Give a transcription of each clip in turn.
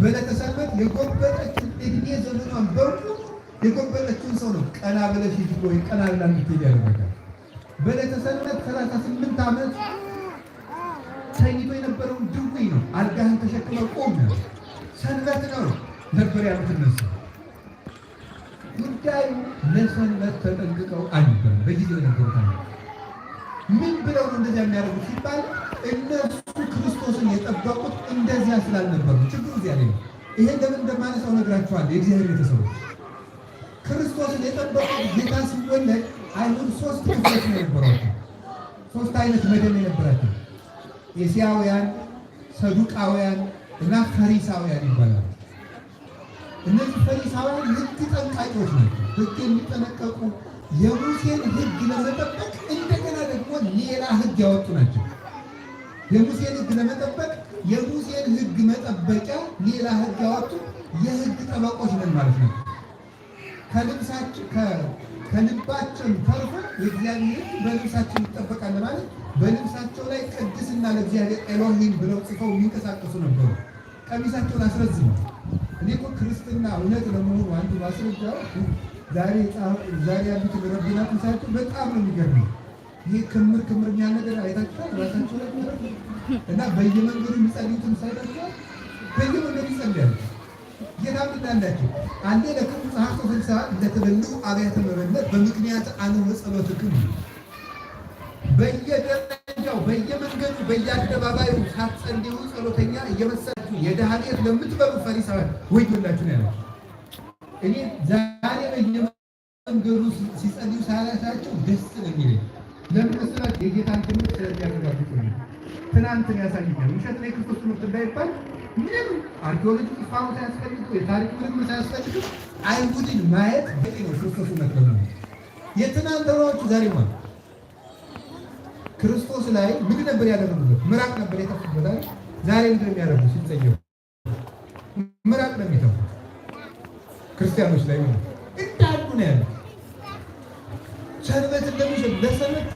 በዕለተ ሰንበት የጎበጠችን እድሜ ዘመኗን በሙሉ የጎበጠችን ሰው ነው ቀና ብለሽ ሂጂ ወይ ቀና ብላ እንድትሄድ ያደረጋል። በዕለተ ሰንበት ሰላሳ ስምንት ዓመት ተኝቶ የነበረውን ድውይ ነው አልጋህን ተሸክመ ቆም ነው ሰንበት ነው ነበር ያሉት እነሱ። ጉዳዩ ለሰንበት ተጠንቅቀው አልነበረም በጊዜው የነበሩት። ምን ብለው ነው እንደዚያ የሚያደርጉት ሲባል እነሱ ክርስቶስን የጠበቁት እንደዚያ ስላልነበሩ ችግሩ እዚያ ላይ ነው። ይሄን ለምን እንደማነሳው ነግራችኋለሁ። የእግዚአብሔር ቤተሰቦች ክርስቶስን የጠበቁት ጌታ ሲወለድ አይሁድ ሶስት ክፍሎች ነው የነበሯቸው። ሶስት አይነት መደብ የነበራቸው ኤስያውያን፣ ሰዱቃውያን እና ፈሪሳውያን ይባላሉ። እነዚህ ፈሪሳውያን ህግ ጠንቃቂዎች ናቸው። ሕግ የሚጠነቀቁ የሙሴን ህግ ለመጠበቅ እንደገና ደግሞ ሌላ ህግ ያወጡ ናቸው። የሙሴን ሕግ ለመጠበቅ የሙሴን ህግ መጠበቂያ ሌላ ህግ ያወጡ የህግ ጠበቆች ነን ማለት ነው። ከልባችን ተርፎ የእግዚአብሔር ሕግ በልብሳችን ይጠበቃል ማለት በልብሳቸው ላይ ቅድስና ለእግዚአብሔር ኤሎሂም ብለው ጽፈው የሚንቀሳቀሱ ነበሩ። ቀሚሳቸውን አስረዝመው እኔ እኮ ክርስትና እውነት ለመሆኑ አንዱ ማስረጃው ዛሬ ዛሬ ያሉት ረብናት ምሳቸው በጣም ነው የሚገርመው። ይህ ክምር ክምር የሚያል ነገር አይታችኋል ራሳቸው ላይ እና በየመንገዱ የሚጸልዩትን ሳይ ደግሞ በየመንገዱ ይጸልያሉ። ጌታ እንዳላቸው አንዴ ለክቡ ጸሐፍቶ ስልሳ እንደተበሉ አብያተ መበለት በምክንያት አንሆ ጸሎት ጸሎትክሙ በየደረጃው በየመንገዱ በየአደባባዩ ሳትጸልዩ ጸሎተኛ እየመሰላችሁ የድሃ ቤት ለምትበሉ ፈሪሳውያን ወዮላችሁ ነው ያለው። እኔ ዛሬ በየመንገዱ ሲጸልዩ ሳላሳቸው ደስ ነው የሚለኝ ለምን መሰላችሁ የጌታ ትምህርትን ያሳየኛል። ውሸት ላይ ክርስቶስ ትምህርት እንዳይባል ምንም አርኪኦሎጂ ቁፋሮ ሳያስፈልገው የታሪክ ምንም ሳያስፈልገው አይሁድን ማየት በቂ ነው። ክርስቶስ እውነት ነው። የትናንት ዛሬ ማለት ክርስቶስ ላይ ምን ነበር ያደረጉበት? ምራቅ ነበር የተፉበት አይደል? ዛሬ ምንድን የሚያደርጉ ሲጠየቁ ምራቅ ነው የሚተፉት ክርስቲያኖች ላይ ማለት እንዳሉ ነው ያሉት ሰንበት እንደሚሸ ለሰንበት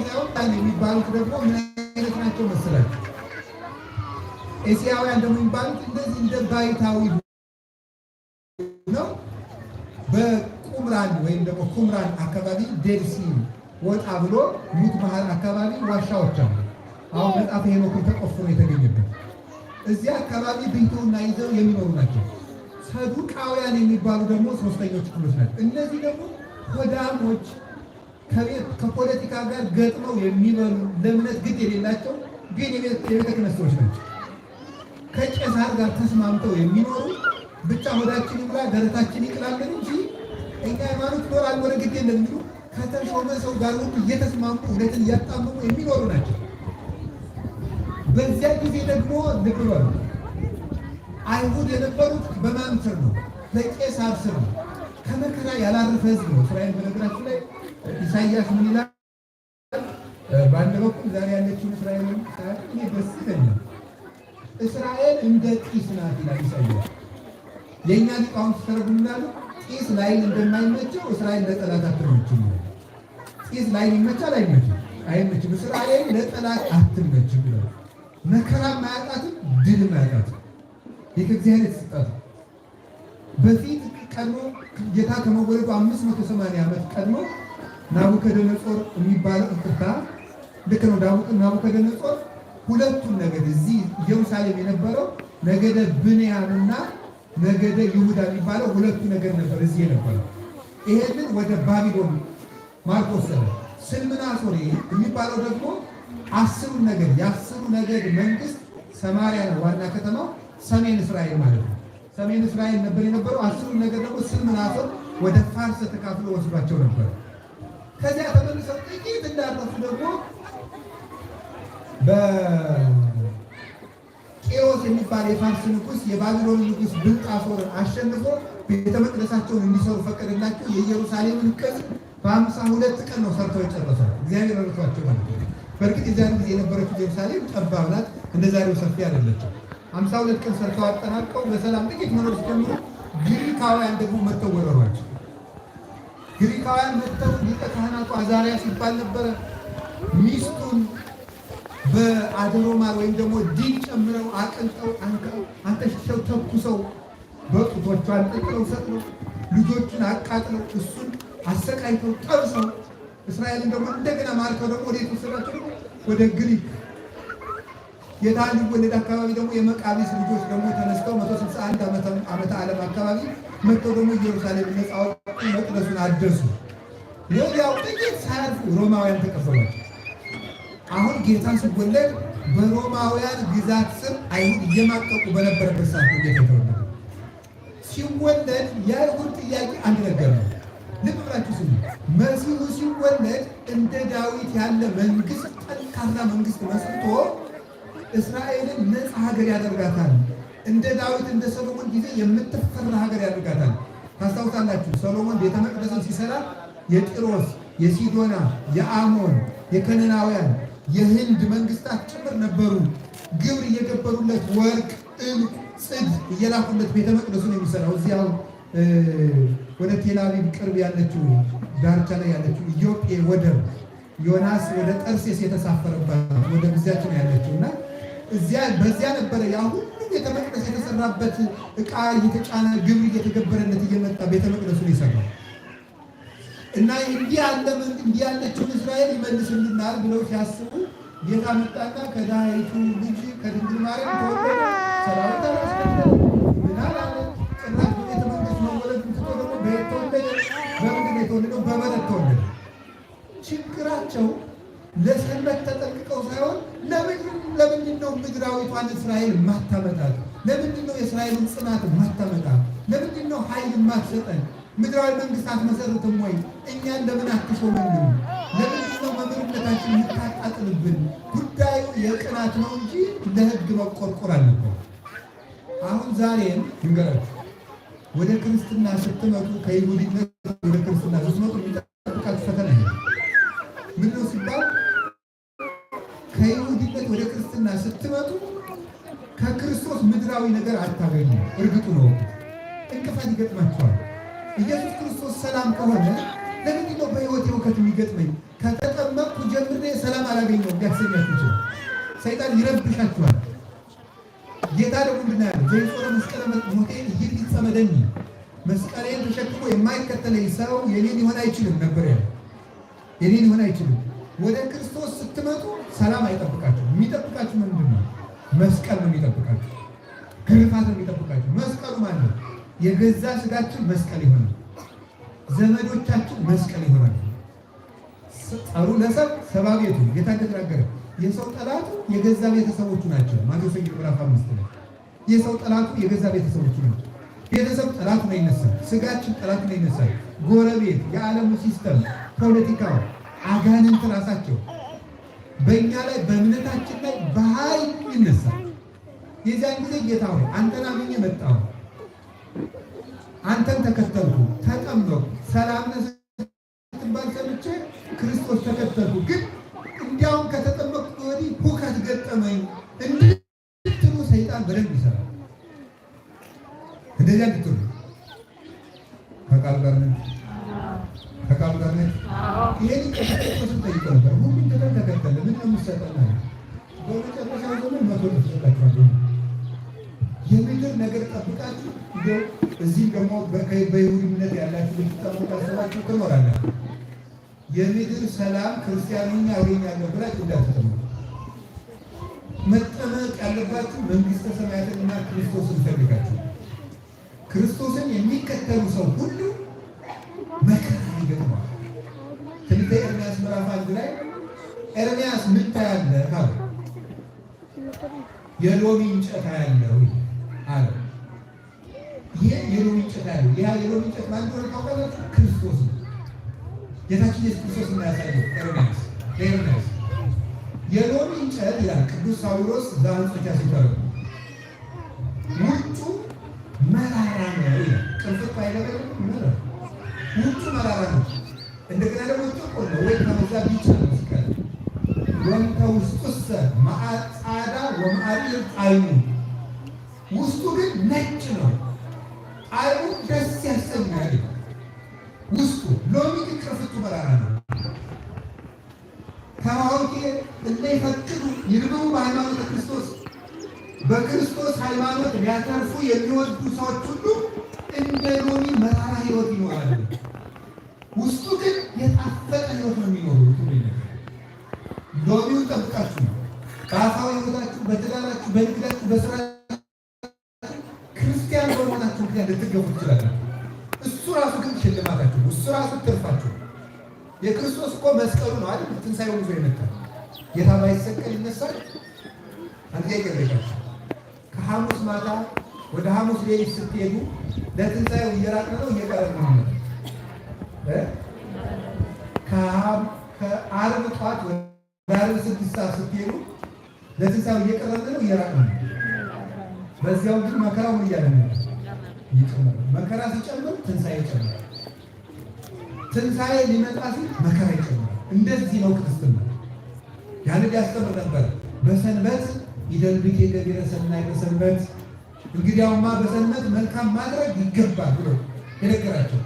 ኢትዮጵያውያን የሚባሉት ደግሞ ምን አይነት ናቸው መሰላችሁ? እስያውያን ደግሞ የሚባሉት እንደዚህ እንደ ባይታዊ ነው። በቁምራን ወይም ደግሞ ኩምራን አካባቢ ዴድሲ ወጣ ብሎ ሙት ባህር አካባቢ ዋሻዎች አሉ። አሁን መጽሐፈ ሄኖክን ተቆፍሮ የተገኘበት እዚህ አካባቢ ብሕትውና ይዘው የሚኖሩ ናቸው። ሰዱቃውያን የሚባሉ ደግሞ ሶስተኞች ክፍሎች ናቸው። እነዚህ ደግሞ ሆዳሞች ከፖለቲካ ጋር ገጥመው የሚበሉ ለእምነት ግድ የሌላቸው ግን የቤተ ክህነት ሰዎች ናቸው። ከቄሳር ጋር ተስማምተው የሚኖሩ ብቻ ሆዳችን ይብላ ደረታችን ይቅላለን እንጂ እኛ ሃይማኖት ኖር አልኖረ ግድ የለም የሚሉ ከተሾመ ሰው ጋር ሁሉ እየተስማሙ እውነትን እያጣመሙ የሚኖሩ ናቸው። በዚያ ጊዜ ደግሞ ልብ አይሁድ የነበሩት በማን ስር ነው? በቄሳር ስር ነው። ከመከራ ያላረፈ ህዝብ ነው። እስራኤል በነገራችን ላይ ኢሳያስ ምን ይላል? በአንድ በኩል ዛሬ ያለችውን እስራኤልን እኔ ደስ ይለኛል፣ እስራኤል እንደ ጢስ ናት ይላል ኢሳያስ። የእኛ ሊቃውንት ሲተረጉሙ እንዳሉ ጢስ ላይን እንደማይመቸው እስራኤል ለጠላት አትመችም። ጢስ ላይን ይመቻል? አይመችም፣ አይመችም። እስራኤል ለጠላት አትመችም ይላል። መከራም አያጣትም፣ ድልም አያጣትም። ይህ ከእግዚአብሔር የተሰጣት በፊት ቀድሞ ጌታ ከመወለዱ አምስት መቶ ሰማንያ ዓመት ቀድሞ ናቡከደነጾር የሚባለው እንቅርታ ልክ ነው። ናቡከደነጾር ሁለቱን ነገድ እዚህ ኢየሩሳሌም የነበረው ነገደ ብንያምና ነገደ ይሁዳ የሚባለው ሁለቱ ነገድ ነበር እዚህ የነበረው። ይሄንን ወደ ባቢሎን ማርኮስ ሰለ ስልምናሶር የሚባለው ደግሞ አስሩ ነገድ የአስሩ ነገድ መንግስት ሰማሪያ ነው ዋና ከተማው፣ ሰሜን እስራኤል ማለት ነው። ሰሜን እስራኤል ነበር የነበረው። አስሩ ነገድ ደግሞ ስልምናሶር ወደ ፋርስ ተካፍሎ ወስዷቸው ነበር። ከዚያ ተመልሰው ጥቂት እንዳረፉ ደግሞ በቄዎስ የሚባል የፋርስ ንጉስ የባቢሎን ንጉሥ ብልጣሶር አሸንፎ ቤተ መቅደሳቸውን እንዲሰሩ ፈቀደላቸው። የኢየሩሳሌምን ቅጽ በአምሳ ሁለት ቀን ነው ሰርተው ጨረሰው። እግዚአብሔር ረድቷቸው ማለት ነው። በእርግጥ የዚያን ጊዜ የነበረችው ኢየሩሳሌም ጠባብ ናት፣ እንደ ዛሬው ሰፊ አይደለችም። አምሳ ሁለት ቀን ሰርተው አጠናቀው በሰላም ጥቂት መኖር ሲጀምሩ ግሪካውያን ደግሞ መተወረሯቸው ግሪካውያን መጥተው ሊቀ ካህናቱ አዛርያስ ሲባል ነበረ። ሚስቱን በአደሮ ማር ወይም ደግሞ ዲን ጨምረው አቅልጠው አንተሽተው ተኩሰው በጡቶቹ አንጠልጥለው ሰቅለው ልጆቹን አቃጥለው እሱን አሰቃይተው ጠብሰው እስራኤልን ደግሞ እንደገና ማርከው ደግሞ ወደ የተወሰዳቸው ወደ ግሪክ ጌታ ሊወለድ አካባቢ ደግሞ የመቃቢስ ልጆች ደግሞ ተነስተው 161 ስልሳ ዓመተ ዓለም አካባቢ መጥተው ደግሞ ኢየሩሳሌም ነፃ አውጥተው መቅደሱን አደሱ። ወዲያው ጥቂት ሳያልፉ ሮማውያን ተቀበሏቸው። አሁን ጌታ ሲወለድ በሮማውያን ግዛት ስም አይሁድ እየማቀቁ በነበረበት ሰዓት ጌታ ተወለደ። ሲወለድ የአይሁድ ጥያቄ አንድ ነገር ነው። ልብ ብላችሁ ስሙ። መሲሁ ሲወለድ እንደ ዳዊት ያለ መንግስት፣ ጠንካራ መንግስት መስርቶ እስራኤልን ነፃ ሀገር ያደርጋታል። እንደ ዳዊት እንደ ሰሎሞን ጊዜ የምትፈራ ሀገር ያደርጋታል። ታስታውሳላችሁ፣ ሰሎሞን ቤተ መቅደስን ሲሰራ የጢሮስ፣ የሲዶና፣ የአሞን፣ የከነናውያን፣ የህንድ መንግስታት ጭምር ነበሩ ግብር እየገበሩለት ወርቅ፣ እል ጽድ እየላኩለት ቤተ መቅደሱን የሚሰራው እዚያው ወደ ቴልአቪቭ ቅርብ ያለችው ዳርቻ ላይ ያለችው ኢዮጴ ወደብ ዮናስ ወደ ጠርሴስ የተሳፈረባት ወደ ጊዜያችን ያለችው እና እዚያ በዚያ ነበረ ያ ሁሉ ቤተ መቅደስ የተሰራበት እቃ እየተጫነ ግብር እየተገበረለት እየመጣ ቤተ መቅደሱን የሰራው እና እንዲህ ያለ እንዲህ ያለችውን እስራኤል ይመልስልናል ብለው ሲያስቡ ጌታ መጣና ከዳይቱ ልጅ ከድንግል ማርያም ተወለደ። ሰራዊት አላስቀደም ምናል አለ ጭራሽ ቤተ መንግስት መወለድ ምትቶ ደግሞ ተወለደ። በምንድን ነው የተወለደው? በበረት ተወለደ። ችግራቸው ለሰንበት ተጠንቅቀው ሳይሆን ለምንድን ነው ምድራዊቷን እስራኤል ማታመጣት? ለምንድን ነው የእስራኤልን ጽናት ማታመጣት? ለምንድን ነው ኃይል ማትሰጠን? ምድራዊ መንግስት አትመሰርትም ወይ? እኛን ለምን አትሾመንም? ለምንድን ነው መምህርነታችን የምታቃጥልብን? ጉዳዩ የቅናት ነው እንጂ ለህግ መቆርቆር አለበት። አሁን ዛሬም ድንገራችሁ ወደ ክርስትና ስትመጡ ከይሁዲነት ሰማያዊ ነገር አታገኙ። እርግጡ ነው እንቅፋት ይገጥማቸዋል። ኢየሱስ ክርስቶስ ሰላም ከሆነ ለምንድን ነው በሕይወቴ እውከት የሚገጥመኝ? ከተጠመቅኩ ጀምሬ ሰላም አላገኘው ሊያሰኛችሁ ይችላል። ሰይጣን ይረብሻችኋል። ጌታ ደግሞ ምንድን ነው ያለው? ዘይጾረ መስቀለ ሞቴ ይህን ይጸመደኝ መስቀሌን ተሸክሞ የማይከተለኝ ሰው የኔን ሊሆን አይችልም ነበር ያለ። የኔን ሊሆን አይችልም። ወደ ክርስቶስ ስትመጡ ሰላም አይጠብቃችሁ። የሚጠብቃችሁ ምንድን ነው? መስቀል ነው የሚጠብቃችሁ። ግርፋት ነው የሚጠብቃቸው። መስቀሉ ማለት ነው የገዛ ስጋችን መስቀል ይሆናል። ዘመዶቻችን መስቀል ይሆናል። ጠሩ ለሰብ ሰባ ቤቱ ጌታ እንደተናገረ የሰው ጠላቱ የገዛ ቤተሰቦቹ ናቸው። ማቴዎስ ወንጌል ምዕራፍ አምስት ላይ የሰው ጠላቱ የገዛ ቤተሰቦቹ ናቸው። ቤተሰብ ጠላት ነው ይነሳል። ስጋችን ጠላት ነው ይነሳል። ጎረቤት፣ የዓለሙ ሲስተም፣ ፖለቲካ፣ አጋንንት ራሳቸው በእኛ ላይ በእምነታችን ላይ በኃይል ይነሳል። የዚያን ጊዜ ጌታ ሆይ አንተን አምኜ መጣሁ፣ አንተን ተከተልኩ፣ ተጠመኩ፣ ሰላም ነህ ስትባል ሰምቼ ክርስቶስ ተከተልኩ። ግን እንዲያውም ከተጠመቅኩ ወዲህ ሁከት ገጠመኝ እንድትሉ ሰይጣን በደንብ ይሰራል። እንደዚያ እንድትሉ ከቃሉ ጋር ነህ፣ ከቃሉ ጋር ነህ። ይሄን ክርስቶስን ጠይቀው ነበር። ሁሉም ተከተለ። ምን ነው የምትሰጠው? በመጨረሻ ዘመን መቶ ተሰጣቸዋል። የምድር ነገር ጠብቃችሁ እንደው እዚህም ደግሞ በይሁድ እምነት ያላችሁ ልትጠሙ ታሰባችሁ ትኖራላችሁ። የምድር ሰላም ክርስቲያንኛ አገኛለሁ ብላችሁ እንዳትጠሙ። መጠመቅ ያለባችሁ መንግስተ መንግሥተ እና ክርስቶስን ፈልጋችሁ። ክርስቶስን የሚከተሉ ሰው ሁሉ መከራ ይገጥመዋል። ትንቢተ ኤርምያስ ምዕራፍ አንድ ላይ ኤርምያስ ምታያለ ታያለህ? የሎሚ እንጨት ያለው አለ። ይሄ የሎሚ እንጨት ያለው ያ የሎሚ እንጨት ማለት ነው ታውቃላችሁ? ክርስቶስ ነው። ጌታችን ኢየሱስ ክርስቶስ ነው ያሳየው። ኤሮዳስ ኤሮዳስ የሎሚ እንጨት ይላል ቅዱስ ሳዊሮስ ዘአንጾኪያ ሲባለው ውጩ መራራ ነው ይላል። ቅንፍት አይለበለ መራ ውጩ መራራ ነው። እንደገና ደግሞ ጥቁር ነው ወይ ከመዛ ቢጫ ነው ሲቀር ወንተ ውስጡሰ ጻዳ ወማዕሪር አይኑ ውስጡ ግን ነጭ ነው። ጣዕሙ ደስ ያሰኛል። ውስጡ ሎሚ ግን ከፍቱ በራራ ነው። ከማወቂ እለ ይፈቅዱ ይልምሙ በሃይማኖተ ክርስቶስ በክርስቶስ ሃይማኖት ሊያተርፉ የሚወዱ ሰዎች ሁሉ እንደ ሎሚ መራራ ህይወት ይኖራሉ። ውስጡ ግን የጣፈጠ ህይወት ነው የሚኖሩት። ሎሚውን ጠብቃችሁ ነው በአፋዊ ህይወታችሁ፣ በትዳራችሁ፣ በንግዳችሁ፣ በስራ ልትገፉ ትችላላችሁ። እሱ ራሱ ግን ሽልማታችሁ፣ እሱ ራሱ ትርፋችሁ። የክርስቶስ እኮ መስቀሉ ነው አይደል? ትንሣኤውን ይዞ የመጣው ጌታ ባይሰቀል ይነሳል። አንተ ይገለጫችሁ ከሐሙስ ማታ ወደ ሐሙስ ሌሊት ስትሄዱ ለትንሣኤው እየራቅን ነው እየቀረን ነው እ ከዓርብ ጠዋት ወደ ዓርብ ስድስት ሰዓት ስትሄዱ ለትንሣኤው እየቀረን ነው እየራቅን ነው። በዚያው ግን መከራው እያለ ነው ይጨምራል። መከራ ሲጨምር ትንሣኤ ይጨምራል። ትንሣኤ ሊመጣ ሲል መከራ ይጨምራል። እንደዚህ ነው ክርስትና። ያንን ያስተምር ነበር። በሰንበት ይደልብኬ ገቢረ ሰናይ፣ በሰንበት እንግዲያውማ በሰንበት መልካም ማድረግ ይገባል ብሎ የነገራቸው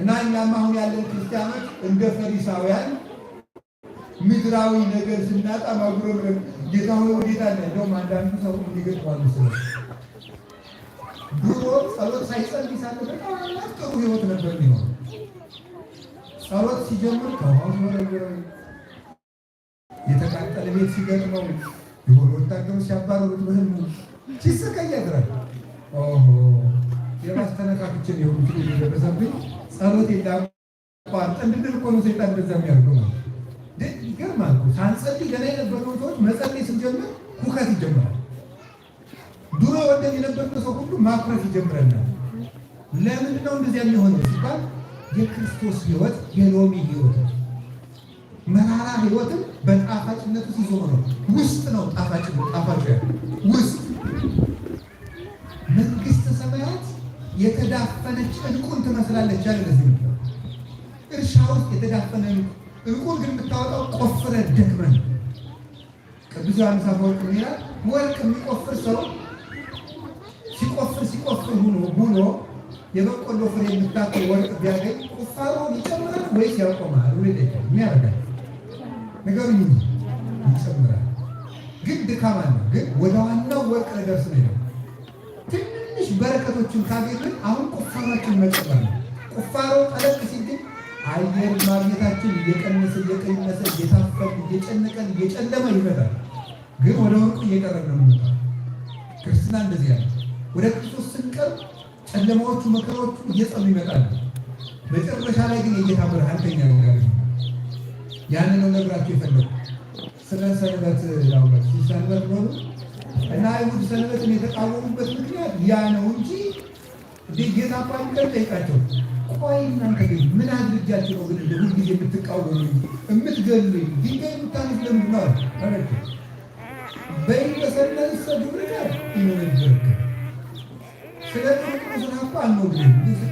እና እኛም አሁን ያለን ክርስቲያኖች እንደ ፈሪሳውያን ምድራዊ ነገር ስናጣ ማጉረምረም ጌታ ሆይ ወዴት አለ? እንደውም አንዳንዱ ሰው የሚገጥማሉ ስለ ድሮ ጸሎት ሳይጸልይ ሳለ ጥሩ ህይወት ነበር የሚሆነው። ጸሎት ሲጀምር የተቃጠለ ቤት ሲገጥመው፣ የሆነ ወታደሩ ሲያባረሩት በህልሙ ሲሰቃይ ያድራል። የማስተነካክችን የሆኑ ፊ የደረሰብኝ ጸሎት የዳቋርጥ እንድንል እኮ ነው ሰይጣን እንደዛ የሚያደርገው ማለት ይገርማል። ሳንጸልይ ገና የነበርነው ሰዎች መጸለይ ስንጀምር ሁከት ይጀምራል። ድሮ ወደዚህ ነበር ሰው ሁሉ ማኩረፍ ይጀምረናል። ለምንድን ነው እንደዚያ የሚሆነው ሲባል የክርስቶስ ህይወት የሎሚ ህይወት መራራ ህይወትም በጣፋጭነቱ ሲዞ ነው። ውስጥ ነው ጣፋጭ ጣፋጭ ውስጥ መንግስተ ሰማያት የተዳፈነች እንቁን ትመስላለች ያለ ለዚህ እርሻ ውስጥ የተዳፈነ እንቁን ግን የምታወጣው ቆፍረ ደክመን ቅዱስ ዮሐንስ አፈወርቅ ይላል ወርቅ የሚቆፍር ሰው ሲቆፍር ሲቆፍር ሆኖ የበቆሎ ፍሬ የምታክል ወርቅ ቢያገኝ ቁፋሮ ይጨምራል ወይስ ያቆማል? ወይ የሚያደርጋል ነገሩ ይጨምራል። ግን ድካማ ነው። ግን ወደ ዋናው ወርቅ ለደርስ ትንሽ በረከቶችን ካገኙን አሁን ቁፋራችን መጨመር ነው። ቁፋሮ ጠለቅ አየር ማግኘታችን እየቀነሰ እየቀነሰ እየታፈን እየጨነቀን እየጨለመ ይመጣል። ግን ወደ ወርቁ እየቀረብ ነው። ክርስትና እንደዚህ ወደ ክርስቶስ ስንቀርብ ጨለማዎቹ፣ መከራዎቹ እየጸኑ ይመጣሉ። መጨረሻ ላይ ግን የጌታ ብርሃን ከኛ ጋር ነው። ነው ነግራችሁ የፈለጉ ስለ ሰንበት ላውራት ሰንበት ሆኑ እና አይሁድ ሰንበትን የተቃወሙበት ምክንያት ያ ነው እንጂ ጌታ እንኳን ቀን ጠይቃቸው ቆይ እናንተ ግን ምን አድርጃችሁ ነው ግን እንደ ሁልጊዜ የምትቃወሙኝ የምትገሉኝ ድንጋይ የምታነሱ ለምንድን ነው አለ በይበሰለሰ ግብርጋር ይሆነ ስለዚህ